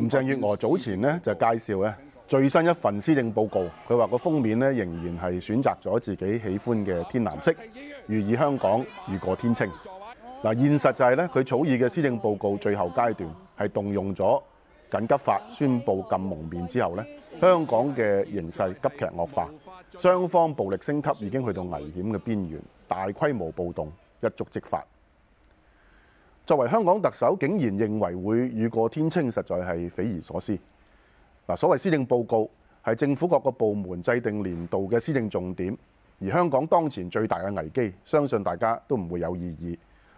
林鄭月娥早前呢就介紹呢最新一份施政報告，佢話個封面呢仍然係選擇咗自己喜歡嘅天藍色，寓意香港雨過天青。嗱，現實就係呢佢草擬嘅施政報告最後階段係動用咗緊急法宣佈禁蒙面之後呢，香港嘅形勢急劇惡化，雙方暴力升級已經去到危險嘅邊緣，大規模暴動一觸即發。作為香港特首，竟然認為會雨過天青，實在係匪夷所思。嗱，所謂施政報告係政府各個部門制定年度嘅施政重點，而香港當前最大嘅危機，相信大家都唔會有異議，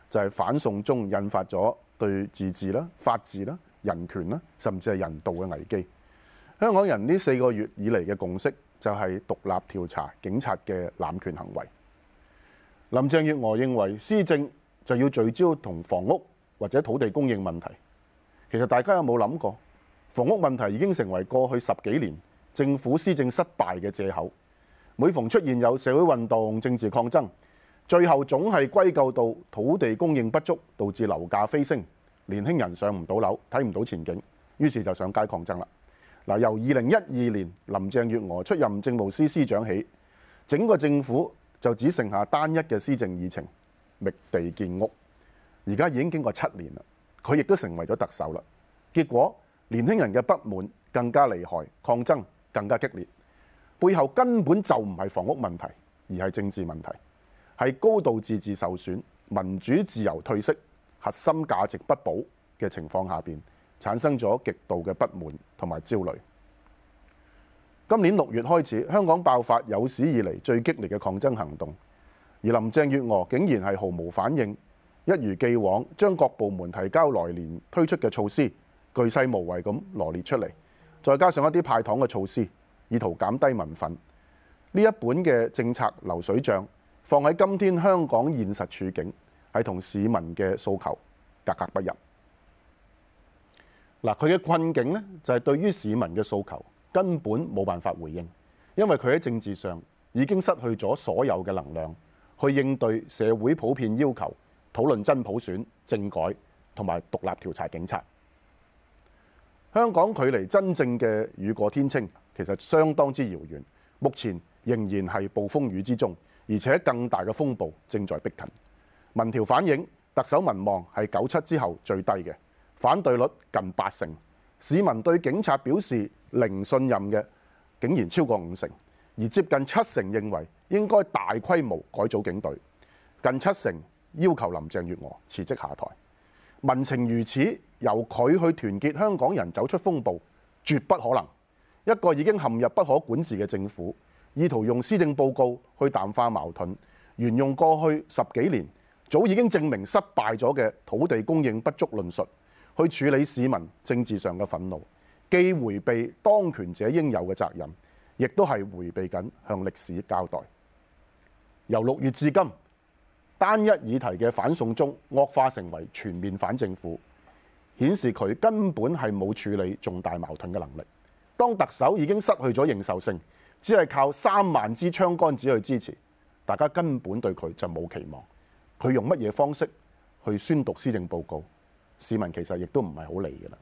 就係反送中引發咗對自治啦、法治啦、人權啦，甚至係人道嘅危機。香港人呢四個月以嚟嘅共識就係獨立調查警察嘅濫權行為。林鄭月娥認為施政就要聚焦同房屋或者土地供應問題。其實大家有冇諗過，房屋問題已經成為過去十幾年政府施政失敗嘅借口。每逢出現有社會運動、政治抗爭，最後總係歸咎到土地供應不足，導致樓價飛升，年輕人上唔到樓，睇唔到前景，於是就上街抗爭啦。嗱，由二零一二年林鄭月娥出任政務司司長起，整個政府就只剩下單一嘅施政議程。覓地建屋，而家已經經過七年啦，佢亦都成為咗特首啦。結果年輕人嘅不滿更加厲害，抗爭更加激烈，背後根本就唔係房屋問題，而係政治問題，係高度自治受損、民主自由退色、核心價值不保嘅情況下邊產生咗極度嘅不滿同埋焦慮。今年六月開始，香港爆發有史以嚟最激烈嘅抗爭行動。而林鄭月娥竟然係毫無反應，一如既往將各部門提交來年推出嘅措施巨細無遺咁羅列出嚟，再加上一啲派糖嘅措施，以圖減低民憤。呢一本嘅政策流水賬放喺今天香港現實處境，係同市民嘅訴求格格不入。嗱，佢嘅困境呢就係、是、對於市民嘅訴求根本冇辦法回應，因為佢喺政治上已經失去咗所有嘅能量。去應對社會普遍要求，討論真普選、政改同埋獨立調查警察。香港距離真正嘅雨過天青其實相當之遙遠，目前仍然係暴風雨之中，而且更大嘅風暴正在逼近。民調反映，特首民望係九七之後最低嘅，反對率近八成，市民對警察表示零信任嘅竟然超過五成，而接近七成認為，應該大規模改組警隊，近七成要求林鄭月娥辭職下台。民情如此，由佢去團結香港人走出風暴，絕不可能。一個已經陷入不可管治嘅政府，意圖用施政報告去淡化矛盾，沿用過去十幾年早已經證明失敗咗嘅土地供應不足論述，去處理市民政治上嘅憤怒，既迴避當權者應有嘅責任，亦都係迴避緊向歷史交代。由六月至今，單一議題嘅反送中惡化成為全面反政府，顯示佢根本係冇處理重大矛盾嘅能力。當特首已經失去咗認受性，只係靠三萬支槍桿子去支持，大家根本對佢就冇期望。佢用乜嘢方式去宣讀施政報告，市民其實亦都唔係好理㗎啦。